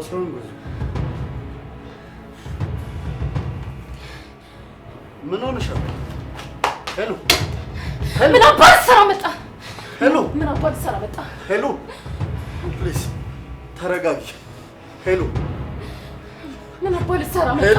Babasına mı ምን ሆነሻል? ሄሎ ሄሎ፣ ምን አባት ሰራ መጣ? ሄሎ፣ ምን አባት ሰራ መጣ? ሄሎ፣ ፕሊዝ ተረጋጊ። ሄሎ፣ ምን አባት ሰራ መጣ?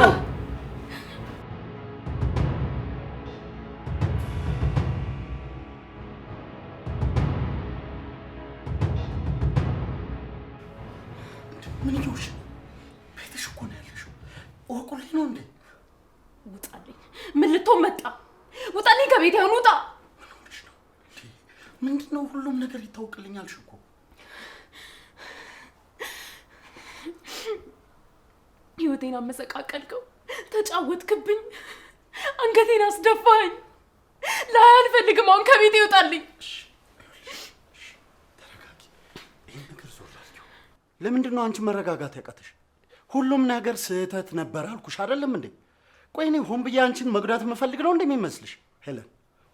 ህይወቴን አመሰቃቀልከው፣ ተጫወትክብኝ፣ አንገቴን አስደፋኝ። ላይ አልፈልግም። አሁን ከቤት ይወጣልኝ። ተረጋጊ። ይህን ነገር ለምንድን ነው አንቺ መረጋጋት ያቃተሽ? ሁሉም ነገር ስህተት ነበር አልኩሽ አይደለም እንዴ? ቆይ እኔ ሆን ብዬ አንቺን መጉዳት የምፈልግ ነው እንደሚመስልሽ? ሄለን፣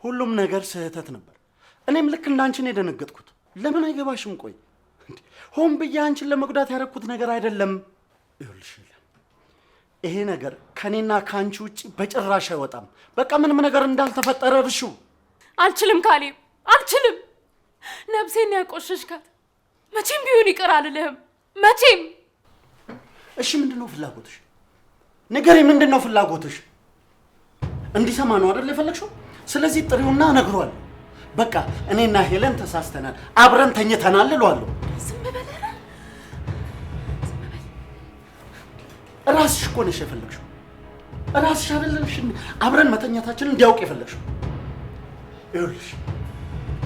ሁሉም ነገር ስህተት ነበር። እኔም ልክ እንደ አንቺን የደነገጥኩት ለምን አይገባሽም? ቆይ ሆን ብዬ አንቺን ለመጉዳት ያደረኩት ነገር አይደለም። ይኸውልሽ ይሄ ነገር ከኔና ከአንቺ ውጭ በጭራሽ አይወጣም። በቃ ምንም ነገር እንዳልተፈጠረ ብሹ። አልችልም ካሌብ፣ አልችልም። ነብሴን ያቆሸሽካት። መቼም ቢሆን ይቅር አልልህም፣ መቼም። እሺ ምንድን ነው ፍላጎትሽ? ንገሪ፣ ምንድን ነው ፍላጎትሽ? እንዲሰማ ነው አደል የፈለግሽው? ስለዚህ ጥሪውና ነግሯል። በቃ እኔና ሄለን ተሳስተናል፣ አብረን ተኝተናል እለዋለሁ። ዝም በለ ራስሽ እኮ ነሽ የፈለግሽው። ራስሽ አይደለሽ አብረን መተኛታችንን እንዲያውቅ የፈለግሽው። ይኸውልሽ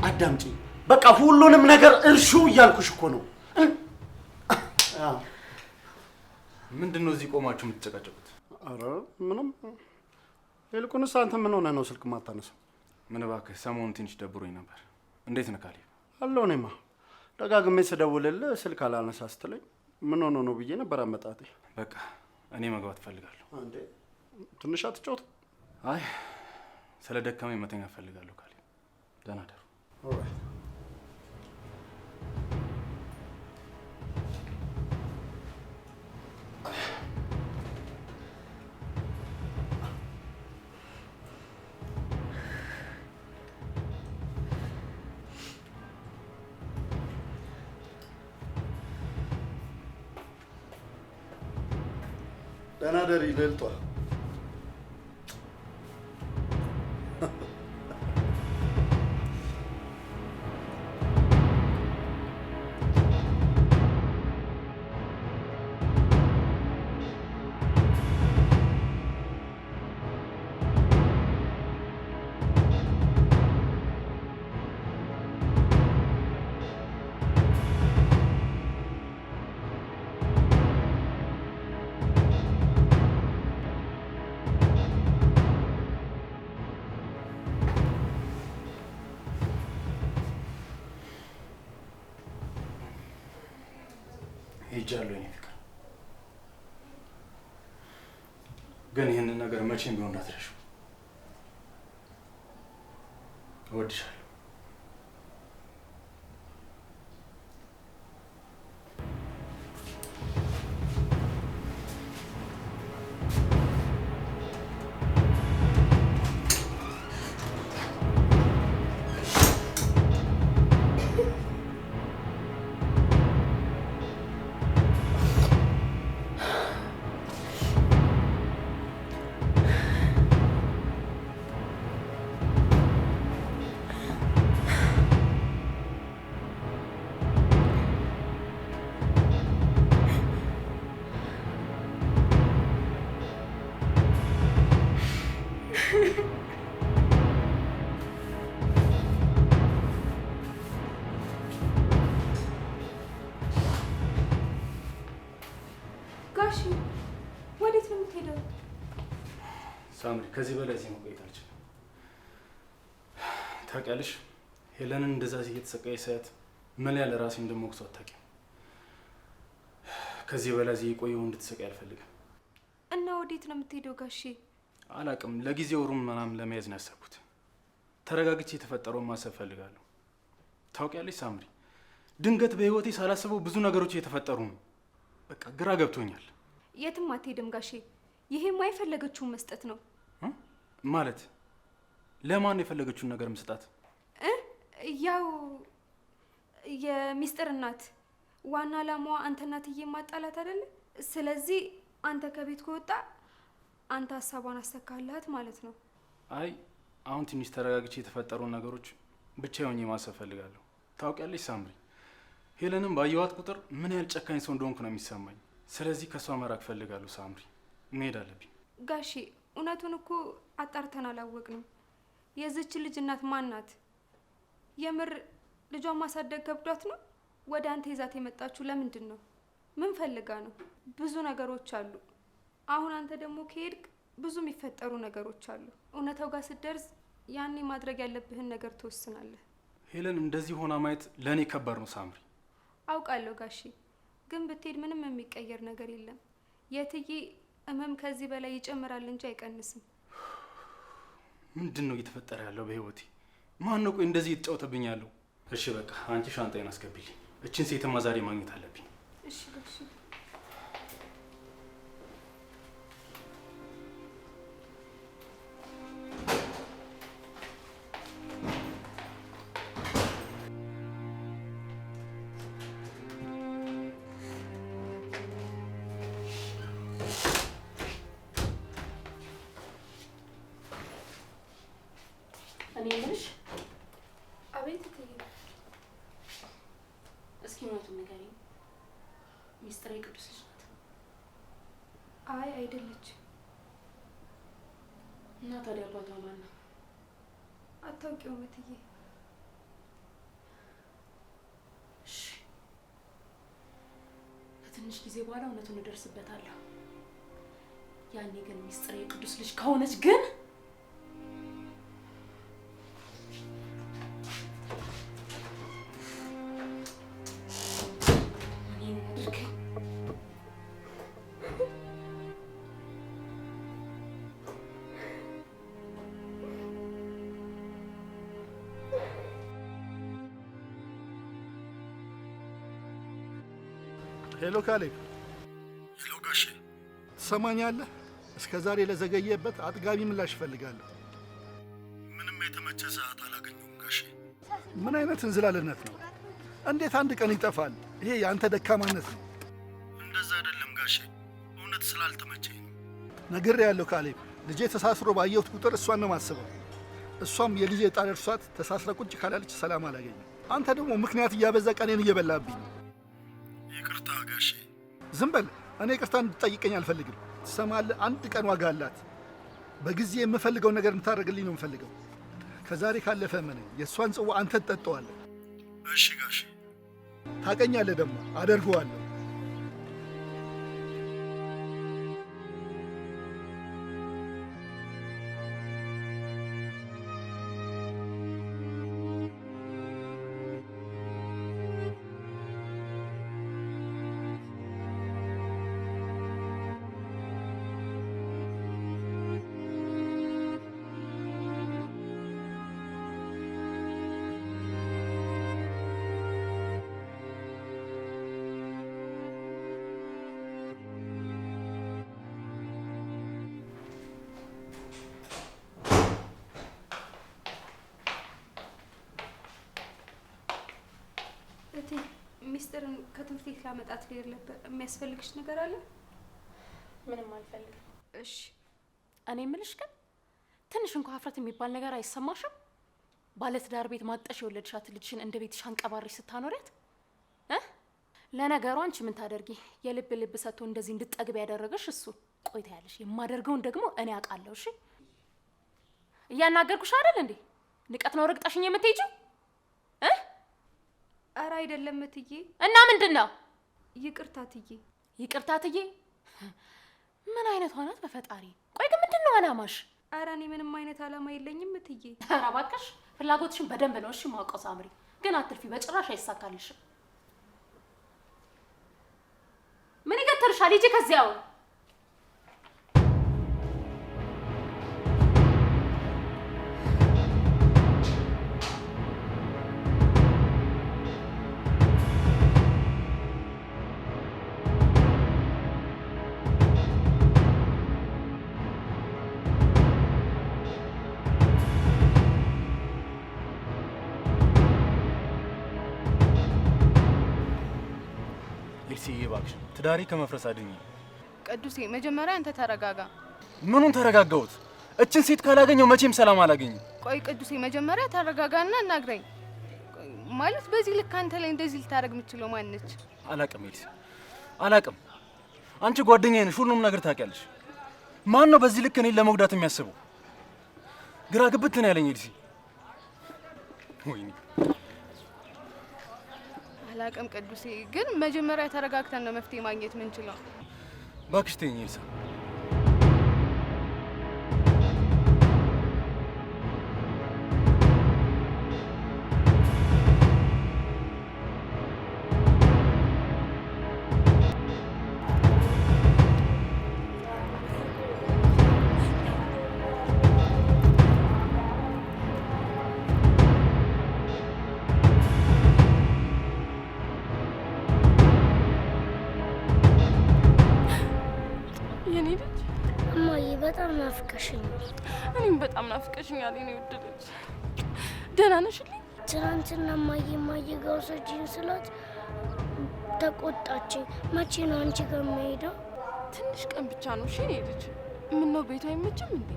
አዳምጪ፣ በቃ ሁሉንም ነገር እርሹ እያልኩሽ እኮ ነው። ምንድን ነው እዚህ ቆማችሁ የምትጨቃጨቁት? አረ ምንም። ይልቁንስ አንተ ምን ሆነ ነው ስልክ ማታነሳው? ምን እባክህ፣ ሰሞኑን ትንሽ ደብሮኝ ነበር። እንዴት ነካል? አለው እኔማ። ደጋግሜ ስደውልልህ ስልክ አላነሳ ስትለኝ ምን ሆኖ ነው ብዬ ነበር አመጣጤ። በቃ እኔ መግባት እፈልጋለሁ። እንዴ ትንሽ አትጫወት? አይ ስለ ደከመኝ መተኛ እፈልጋለሁ። ካሌ ደህና ደሩ። መናደር ይበልጧል። ወድጃለሁ የኔ ፍቅር። ግን ይህንን ነገር መቼም ቢሆን እንዳትረሺው። እወድሻለሁ። ከዚህ በላይ እዚህ መቆየት አልችልም። ታውቂያለሽ ሄለንን እንደዛ እየተሰቃየ ሳያት ምን ያለ ራሴ እንደምወቅሰው አታውቂም። ከዚህ በላይ እዚህ የቆየው እንድትሰቃይ አልፈልግም። እና ወዴት ነው የምትሄደው ጋሼ? አላቅም። ለጊዜው ሩም ምናምን ለመያዝ ነው ያሰብኩት። ተረጋግቼ የተፈጠረውን ማሰብ ፈልጋለሁ። ታውቂያለሽ ሳምሪ፣ ድንገት በህይወቴ ሳላስበው ብዙ ነገሮች እየተፈጠሩ ነው። በቃ ግራ ገብቶኛል። የትም አትሄድም ጋሼ። ይሄ ማ መስጠት ነው። ማለት ለማን የፈለገችውን ነገር ምስጣት? ያው የሚስጥር እናት ዋና ዓላማዋ አንተ እናትዬ ማጣላት አይደለ? ስለዚህ አንተ ከቤት ከወጣ አንተ ሀሳቧን አሰካላት ማለት ነው። አይ አሁን ትንሽ ተረጋግቼ የተፈጠሩ ነገሮች ብቻ ሆኜ ማሰብ ፈልጋለሁ። ታውቂያለሽ ሳምሪ፣ ሄለንም ባየዋት ቁጥር ምን ያህል ጨካኝ ሰው እንደሆንኩ ነው የሚሰማኝ። ስለዚህ ከእሷ መራቅ ፈልጋለሁ ሳምሪ፣ መሄድ አለብኝ ጋሺ እውነቱን እኮ አጣርተን አላወቅንም። የዝች ልጅ እናት ማን ናት? የምር ልጇን ማሳደግ ከብዷት ነው ወደ አንተ ይዛት የመጣችሁ? ለምንድን ነው? ምን ፈልጋ ነው? ብዙ ነገሮች አሉ። አሁን አንተ ደግሞ ከሄድክ ብዙ የሚፈጠሩ ነገሮች አሉ። እውነታው ጋር ስትደርስ ያኔ ማድረግ ያለብህን ነገር ትወስናለህ። ሄለን እንደዚህ ሆና ማየት ለእኔ ከባድ ነው ሳምሪ። አውቃለሁ ጋሺ፣ ግን ብትሄድ ምንም የሚቀየር ነገር የለም። የትዬ ህመም ከዚህ በላይ ይጨምራል እንጂ አይቀንስም። ምንድን ነው እየተፈጠረ ያለው በህይወቴ? ማን ነው ቆይ እንደዚህ እየተጫወተብኝ ያለው? እሺ በቃ አንቺ ሻንጣዬን አስገቢልኝ። እችን ሴትማ ዛሬ ማግኘት አለብኝ። እሺ እና ታዲያ አባቷ ማን ነው? አታውቂው ምትዬ ትንሽ ከትንሽ ጊዜ በኋላ እውነቱን እደርስበታለሁ። ያኔ ግን ሚስጥር የቅዱስ ልጅ ከሆነች ግን ሄሎ ካሌብ። ሄሎ ጋሼ፣ ትሰማኛለህ? እስከ ዛሬ ለዘገየበት አጥጋቢ ምላሽ እፈልጋለሁ። ምንም የተመቸ ሰዓት አላገኘሁም ጋሼ። ምን አይነት እንዝላልነት ነው? እንዴት አንድ ቀን ይጠፋል? ይሄ የአንተ ደካማነት ነው። እንደዛ አይደለም ጋሼ፣ እውነት ስላልተመቸኝ ነው። ያለው ካሌብ። ልጄ ተሳስሮ ባየሁት ቁጥር እሷን ነው የማስበው። እሷም የልጄ ዕጣ ደርሷት ተሳስረ ቁጭ ካላለች ሰላም አላገኝም። አንተ ደግሞ ምክንያት እያበዛ ቀኔን እየበላብኝ። ይቅርታ ዝም በል። እኔ ይቅርታ እንድጠይቀኝ አልፈልግም። ትሰማለህ? አንድ ቀን ዋጋ አላት። በጊዜ የምፈልገው ነገር እንድታደርግልኝ ነው የምፈልገው። ከዛሬ ካለፈ ምን የእሷን ጽዋ አንተ ትጠጣዋለህ። እሺ ጋሽ ታቀኛለህ፣ ደግሞ አደርገዋለሁ ሚስጥርን ከትምህርት ቤት ላመጣት ልሄድ ነበር። የሚያስፈልግሽ ነገር አለ? ምንም አልፈልግም። እሺ፣ እኔ የምልሽ ግን ትንሽ እንኳ ሀፍረት የሚባል ነገር አይሰማሽም? ባለትዳር ቤት ማጠሽ የወለድሻት ልጅሽን እንደ ቤትሽ አንቀባሪሽ ስታኖሪያት ለነገሩ አንቺ ምን ታደርጊ፣ የልብ ልብ ሰጥቶ እንደዚህ እንድጠግብ ያደረገሽ እሱ። ቆይታ ያለሽ የማደርገውን ደግሞ እኔ አውቃለሁ። እሺ፣ እያናገርኩሽ አይደል እንዴ? ንቀት ነው ረግጠሽኝ የምትሄጂው ኧረ አይደለም እትዬ። እና ምንድን ነው? ይቅርታ እትዬ። ይቅርታ እትዬ። ምን አይነት ሆናት በፈጣሪ። ቆይ ግን ምንድን ነው አላማሽ? ኧረ እኔ ምንም አይነት አላማ የለኝም እትዬ። ኧረ እባክሽ ፍላጎትሽን በደንብ ነው እሺ ማውቀው። ሳምሪ ግን አትልፊ፣ በጭራሽ አይሳካልሽም። ምን ይገትርሻል? ሂጂ ከዚያው እስዬ እባክሽ ትዳሬ ከመፍረስ አድኝ። ቅዱሴ መጀመሪያ አንተ ተረጋጋ። ምኑን ተረጋጋሁት? እችን ሴት ካላገኘው መቼም ሰላም አላገኝ ቆይ ቅዱሴ መጀመሪያ ተረጋጋና እናግረኝ። ማለት በዚህ ልክ አንተ ላይ እንደዚህ ልታደርግ የምችለው ማነች? አላቅም ኤልሲ አላቅም። አንቺ ጓደኛዬ ነሽ፣ ሁሉም ነገር ታውቂያለሽ። ማን ነው በዚህ ልክ እኔን ለመጉዳት የሚያስበው? ግራ ግብት ነው ያለኝ ኤልሲ። ወይኔ አላቅም ቅዱሴ፣ ግን መጀመሪያ ተረጋግተን ነው መፍትሄ ማግኘት ምንችለው። እባክሽ ተይኝ ኤልሳ። ሄደች። እማዬ በጣም ናፍቀሽኛል። እኔም በጣም ናፍቀሽኛል የኔ ውድ ደህና ነሽልኝ? ትናንትና እማዬ እማዬ ጋር ውሰጂኝ ስላት ተቆጣችኝ። መቼ ነው አንቺ ጋር የምሄደው? ትንሽ ቀን ብቻ ነው እሺ የኔ ልጅ። ምነው ቤቷ አይመችም እንዴ?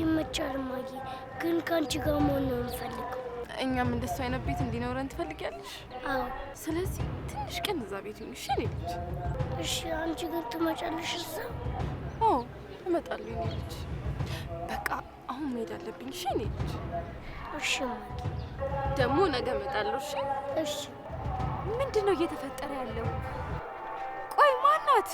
ይመቻል እማዬ፣ ግን ከአንቺ ጋር መሆን ነው የምፈልገው። እኛም እንደሱ አይነት ቤት እንዲኖረን ትፈልጊያለሽ? አዎ። ስለዚህ ትንሽ ቀን እዛ ቤት ይሁን እሺ ልጅ። እሺ አንቺ ግን ትመጫለሽ እዛ? አዎ እመጣለሁ። ልጅ በቃ አሁን መሄድ አለብኝ። እሺ ልጅ። እሺ ደግሞ ነገ እመጣለሁ። እሺ እሺ። ምንድን ነው እየተፈጠረ ያለው? ቆይ ማናት?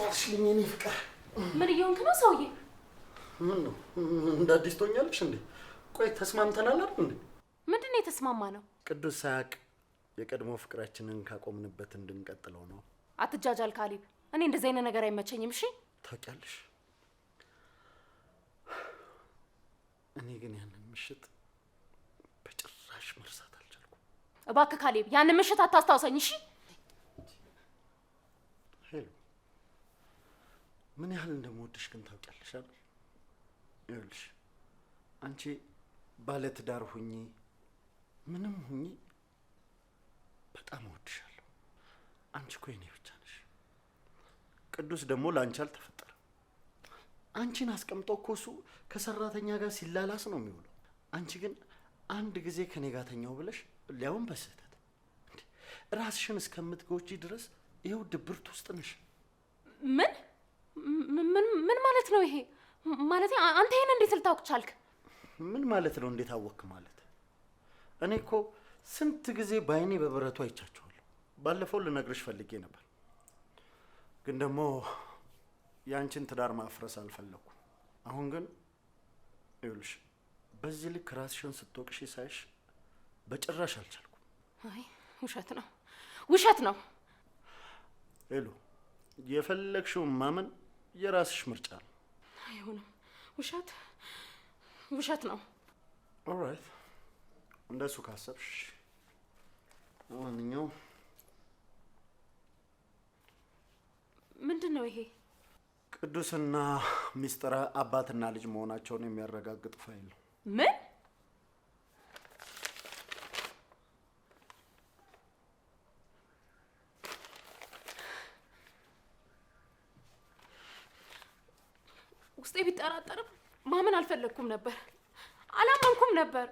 ተጫወትሽልኝ የእኔ ፍቅር። ምን እየሆንክ ነው ሰውዬ? ምን ነው እንደ አዲስ ትሆኛለሽ እንዴ? ቆይ ተስማምተናል አይደል እንዴ? ምንድን ነው የተስማማ ነው? ቅዱስ ሳያቅ የቀድሞ ፍቅራችንን ካቆምንበት እንድንቀጥለው ነው። አትጃጃል ካሊብ፣ እኔ እንደዚህ አይነት ነገር አይመቸኝም። እሺ ታውቂያለሽ፣ እኔ ግን ያንን ምሽት በጭራሽ መርሳት አልቻልኩም። እባክህ ካሌብ፣ ያንን ምሽት አታስታውሰኝ እሺ ምን ያህል እንደምወድሽ ግን ታውቂያለሽ አይደል? ይኸውልሽ አንቺ ባለትዳር ሁኚ ምንም ሁኚ በጣም እወድሻለሁ። አንቺ እኮ የኔ ብቻ ነሽ። ቅዱስ ደግሞ ለአንቺ አልተፈጠረም። አንቺን አስቀምጦ እኮ እሱ ከሰራተኛ ጋር ሲላላስ ነው የሚውለው። አንቺ ግን አንድ ጊዜ ከኔ ጋር ተኛው ብለሽ ሊያውም በስህተት ራስሽን እስከምትጎጂ ድረስ ይኸው ድብርት ውስጥ ነሽ። ምን ምን ማለት ነው ይሄ? ማለት አንተ ይሄን እንዴት ልታውቅ ቻልክ? ምን ማለት ነው እንዴት አወቅክ ማለት? እኔ እኮ ስንት ጊዜ በአይኔ በብረቱ አይቻቸዋለሁ። ባለፈው ልነግርሽ ፈልጌ ነበር፣ ግን ደግሞ የአንቺን ትዳር ማፍረስ አልፈለኩም። አሁን ግን ይኸውልሽ በዚህ ልክ ራስሽን ስትወቅሽ ሳይሽ በጭራሽ አልቻልኩም። አይ ውሸት ነው ውሸት ነው ሉ የፈለግሽውን ማመን የራስሽ ምርጫ ነው። አይሆንም፣ ውሸት ውሸት ነው። ኦራይት፣ እንደሱ ካሰብሽ ለማንኛውም ምንድን ነው ይሄ? ቅዱስና ሚስጥረ አባትና ልጅ መሆናቸውን የሚያረጋግጥ ፋይል ነው። ምን ውስጤ ቢጠራጠርም ማመን አልፈለግኩም ነበር፣ አላመንኩም ነበር።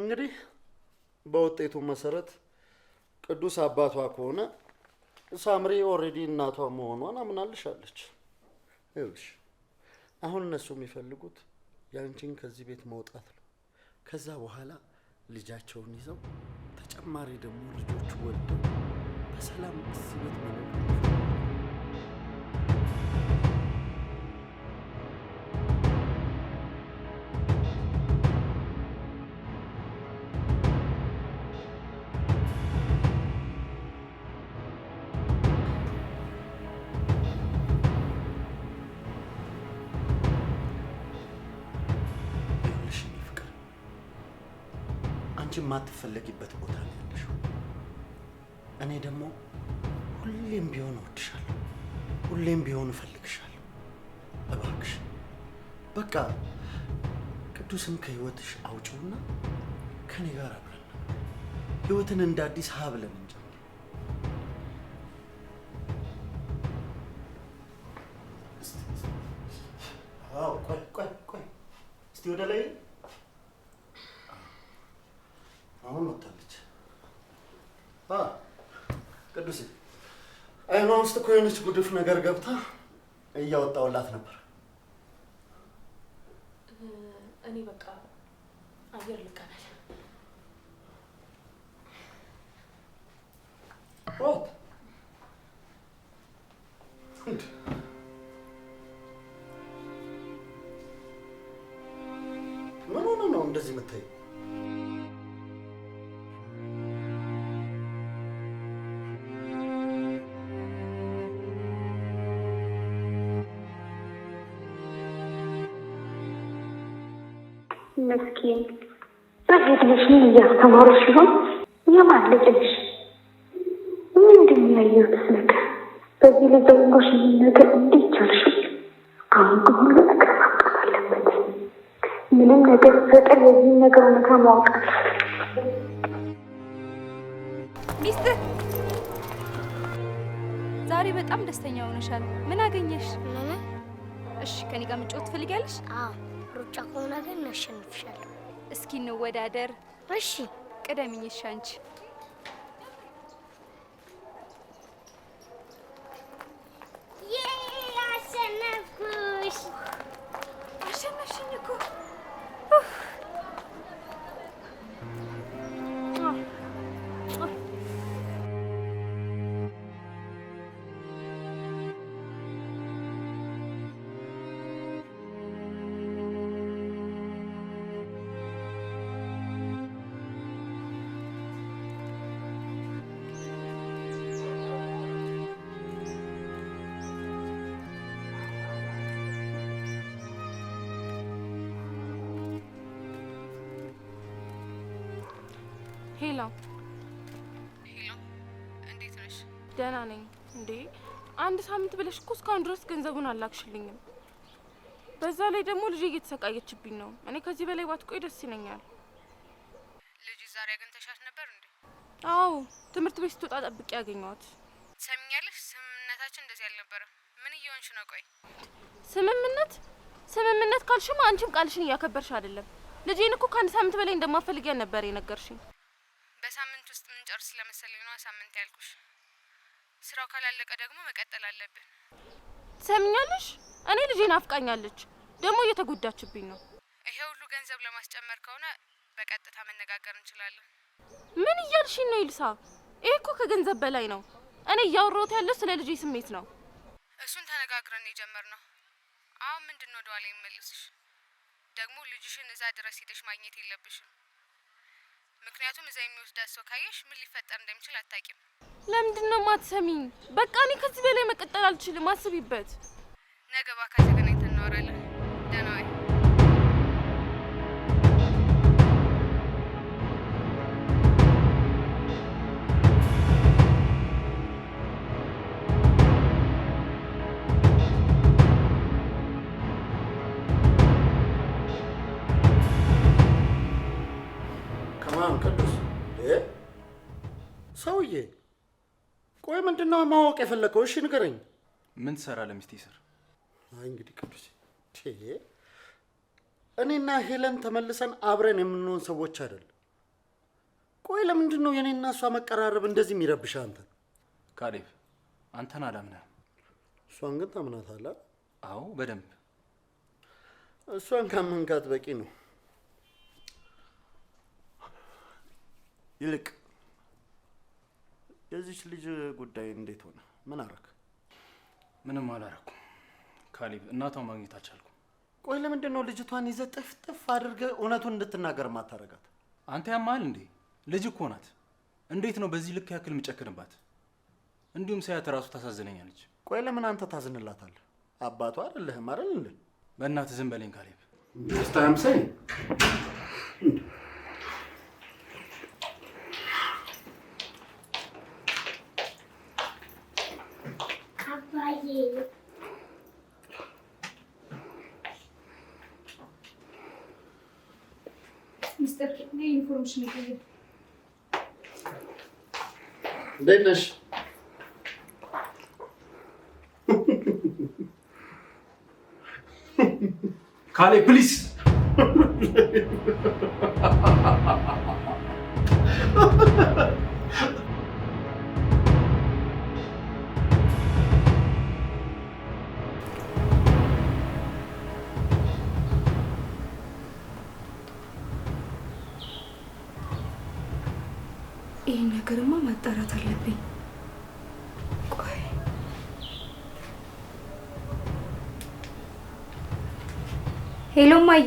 እንግዲህ በውጤቱ መሰረት ቅዱስ አባቷ ከሆነ ሳምሪ ኦልሬዲ እናቷ መሆኗን አምናልሻለች። ይኸውልሽ አሁን እነሱ የሚፈልጉት ያንቺን ከዚህ ቤት መውጣት ነው። ከዛ በኋላ ልጃቸውን ይዘው ተጨማሪ ደግሞ ልጆች ወልደው በሰላም እዚህ ቤት መኖር የማትፈለጊበት ቦታ ነው ያለሽው። እኔ ደግሞ ሁሌም ቢሆን እወድሻለሁ፣ ሁሌም ቢሆን እፈልግሻለሁ። እባክሽ በቃ ቅዱስን ከህይወትሽ አውጪውና ከኔ ጋር አብረን ህይወትን እንደ አዲስ ሀ ብለን እንጀምር። ቆይ ቆይ ቆይ፣ እስቲ ወደ ላይ አይነት ጉድፍ ነገር ገብታ እያወጣውላት ነበር። እኔ በቃ አየር ልቀበል። ሮት ምን ሆነ ነው እንደዚህ የምታይ? ምስኪን በፊት እያስተማሩ ሲሆን የማን ልጅ ነሽ? ምንድን ያየሁት ነገር በዚህ ልጅ ወንዶች ነገር እንዴት ቻልሽው? አሁን ግን ነገር ማብቃት አለበት። ምንም ነገር ፈጠር የዚህ ነገር እውነታ ማወቅ ሚስትህ ዛሬ በጣም ደስተኛ ሆነሻል። ምን አገኘሽ? እሺ ከኔ ጋር መጫወት ትፈልጊያለሽ? ሩጫ ከሆነ ግን እናሸንፍሻለሁ። እስኪ እንወዳደር። እሺ ቅደምኝ። እሺ አንቺ አሸነፍኩሽ። አሸነፍሽኝ እኮ እስካሁን ድረስ ገንዘቡን አላክሽልኝም። በዛ ላይ ደግሞ ልጅ እየተሰቃየችብኝ ነው። እኔ ከዚህ በላይ ባትቆይ ደስ ይለኛል። ልጅ ዛሬ አግኝተሻት ነበር እንዴ? አዎ፣ ትምህርት ቤት ስትወጣ ጠብቄ ያገኘዋት? ትሰሚኛለሽ፣ ስምምነታችን እንደዚህ አልነበረም። ምን እየሆንሽ ነው? ቆይ ስምምነት ስምምነት ካልሽም አንቺም ቃልሽን እያከበርሽ አይደለም። ልጄን እኮ ከአንድ ሳምንት በላይ እንደማፈልጊያ ነበር የነገርሽኝ። በሳምንት ውስጥ ጨርስ ለመሰለኝ ነዋ ሳምንት ያልኩሽ። ስራው ካላለቀ ደግሞ መቀጠል አለብን። ትሰምኛለሽ? እኔ ልጄ ናፍቃኛለች፣ ደግሞ እየተጎዳችብኝ ነው። ይሄ ሁሉ ገንዘብ ለማስጨመር ከሆነ በቀጥታ መነጋገር እንችላለን። ምን እያልሽኝ ነው ይልሳ? ይሄ እኮ ከገንዘብ በላይ ነው። እኔ እያወራሁት ያለ ስለ ልጄ ስሜት ነው። እሱን ተነጋግረን የጀመር ነው። አሁን ምንድን ነው ወደኋላ የሚመልስሽ? ደግሞ ልጅሽን እዛ ድረስ ሄደሽ ማግኘት የለብሽም። ምክንያቱም እዛ የሚወስዳት ሰው ካየሽ ምን ሊፈጠር እንደሚችል አታውቂም። ለምንድን ነው ማትሰሚኝ? በቃ እኔ ከዚህ በላይ መቀጠል አልችልም። አስቢበት። ነገ እባክህ ተገናኝተን እናወራለን። ደህና ወይ? ሰውዬ ምንድን ነው ማወቅ የፈለከው? እሺ ንገረኝ። ምን ትሰራ ለሚስቴ ስር? አይ እንግዲህ ቅዱስ፣ እኔና ሄለን ተመልሰን አብረን የምንሆን ሰዎች አይደል? ቆይ ለምንድን ነው የእኔና እሷ መቀራረብ እንደዚህ የሚረብሽ? አንተን ካሌብ፣ አንተን አላምነህም። እሷን ግን ታምናታለህ? አዎ በደንብ። እሷን ካመንካት በቂ ነው። ይልቅ የዚች ልጅ ጉዳይ እንዴት ሆነ? ምን አረክ? ምንም አላረኩ ካሊብ፣ እናቷን ማግኘት አልቻልኩም። ቆይ ለምንድን ነው ልጅቷን ይዘ ጥፍጥፍ አድርገ እውነቱን እንድትናገር ማታረጋት? አንተ ያማል እንዴ? ልጅ እኮ ናት። እንዴት ነው በዚህ ልክ ያክል የምጨክንባት? እንዲሁም ሳያት ራሱ ታሳዝነኛለች። ቆይ ለምን አንተ ታዝንላታል? አባቷ አይደለህም አይደል? እንዴ በእናትህ ዝም በለኝ ካሌብ። ስታምሰኝ Mister, Mr. Kitley information again. Danish. Kale please. ይህን ነገርማ ማጣራት አለብኝ። ሄሎ ማዬ፣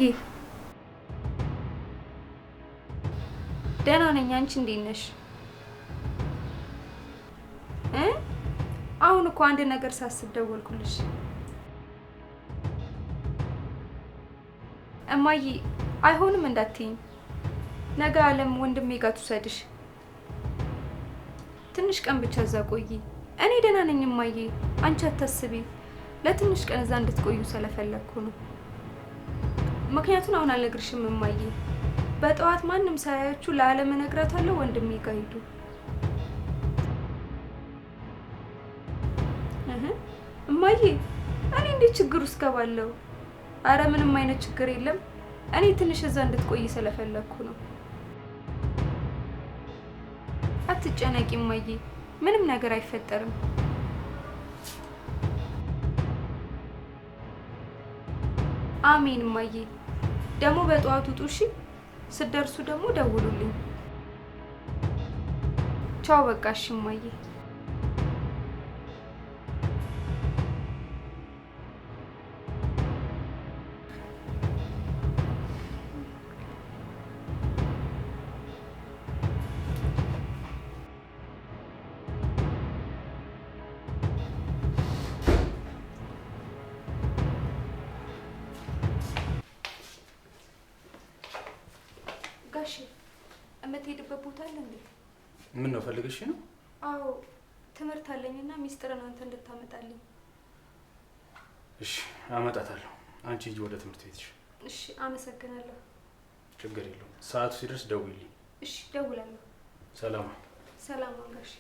ደህና ነኝ። አንቺ እንዴት ነሽ? አሁን እኮ አንድ ነገር ሳስብ ደወልኩልሽ። እማዬ አይሆንም እንዳትይኝ፣ ነገ አለም ወንድሜ ጋር ትውሰድሽ ትንሽ ቀን ብቻ እዛ ቆይ። እኔ ደህና ነኝ እማዬ፣ አንቺ አታስቢ። ለትንሽ ቀን እዛ እንድትቆዩ ስለፈለግኩ ነው። ምክንያቱን አሁን አልነግርሽም እማዬ። በጠዋት ማንም ሳያያችሁ ለዓለም እነግራታለሁ። ወንድሜ ጋ ሂዱ። እማዬ እኔ እንዴት ችግር ውስጥ ገባለሁ? አረ ምንም አይነት ችግር የለም። እኔ ትንሽ እዛ እንድትቆይ ስለፈለግኩ ነው። አትጨነቂ እማዬ፣ ምንም ነገር አይፈጠርም። አሜን እማዬ። ደግሞ በጠዋቱ ውጡ እሺ። ስትደርሱ ደግሞ ደውሉልኝ። ቻው። በቃ እሺ እማዬ። እየነገርሽ ነው? አዎ ትምህርት አለኝና ሚስጥርን አንተ እንድታመጣልኝ። እሺ አመጣታለሁ። አንቺ ሂጂ ወደ ትምህርት ቤትሽ። እሺ አመሰግናለሁ። ችግር የለውም። ሰዓቱ ሲደርስ ደውይልኝ። እሺ ደውላለሁ። ሰላም ሰላም አንጋሽ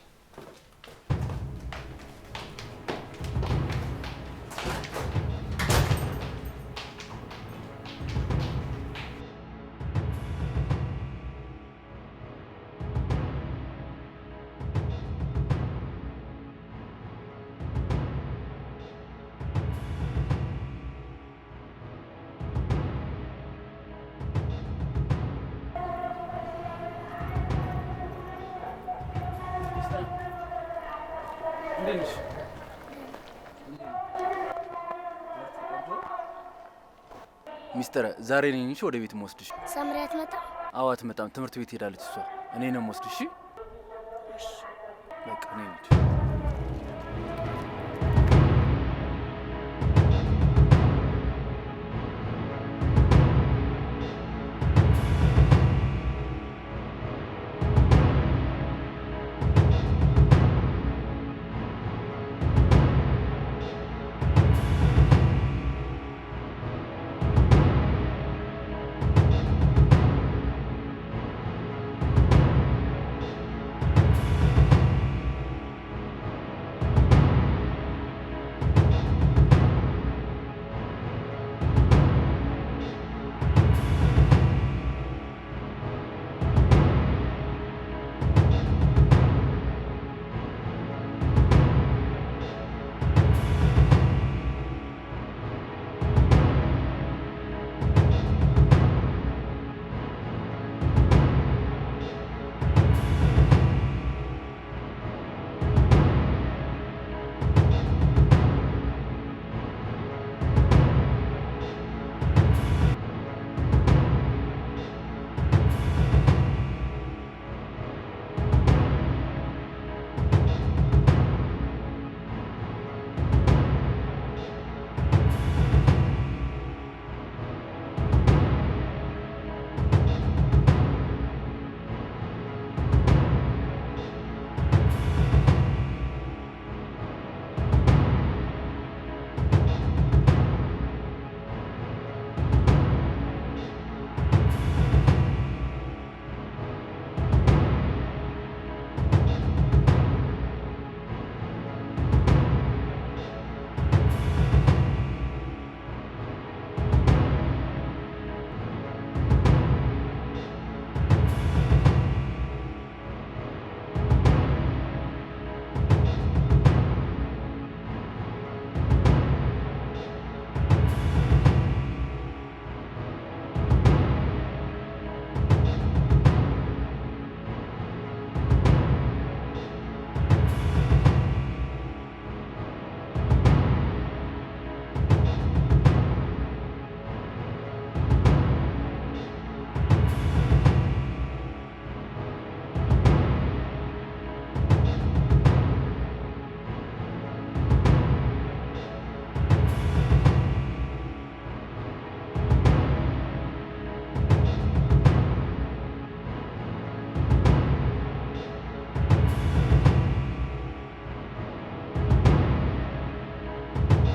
ሚስጥር ዛሬ ነኝ እንጂ ወደ ቤት መወስድሽ። ሳምሪያ አትመጣም? አዎ አትመጣም። ትምህርት ቤት ሄዳለች እሷ። እኔ ነው መወስድሽ። በቃ እኔ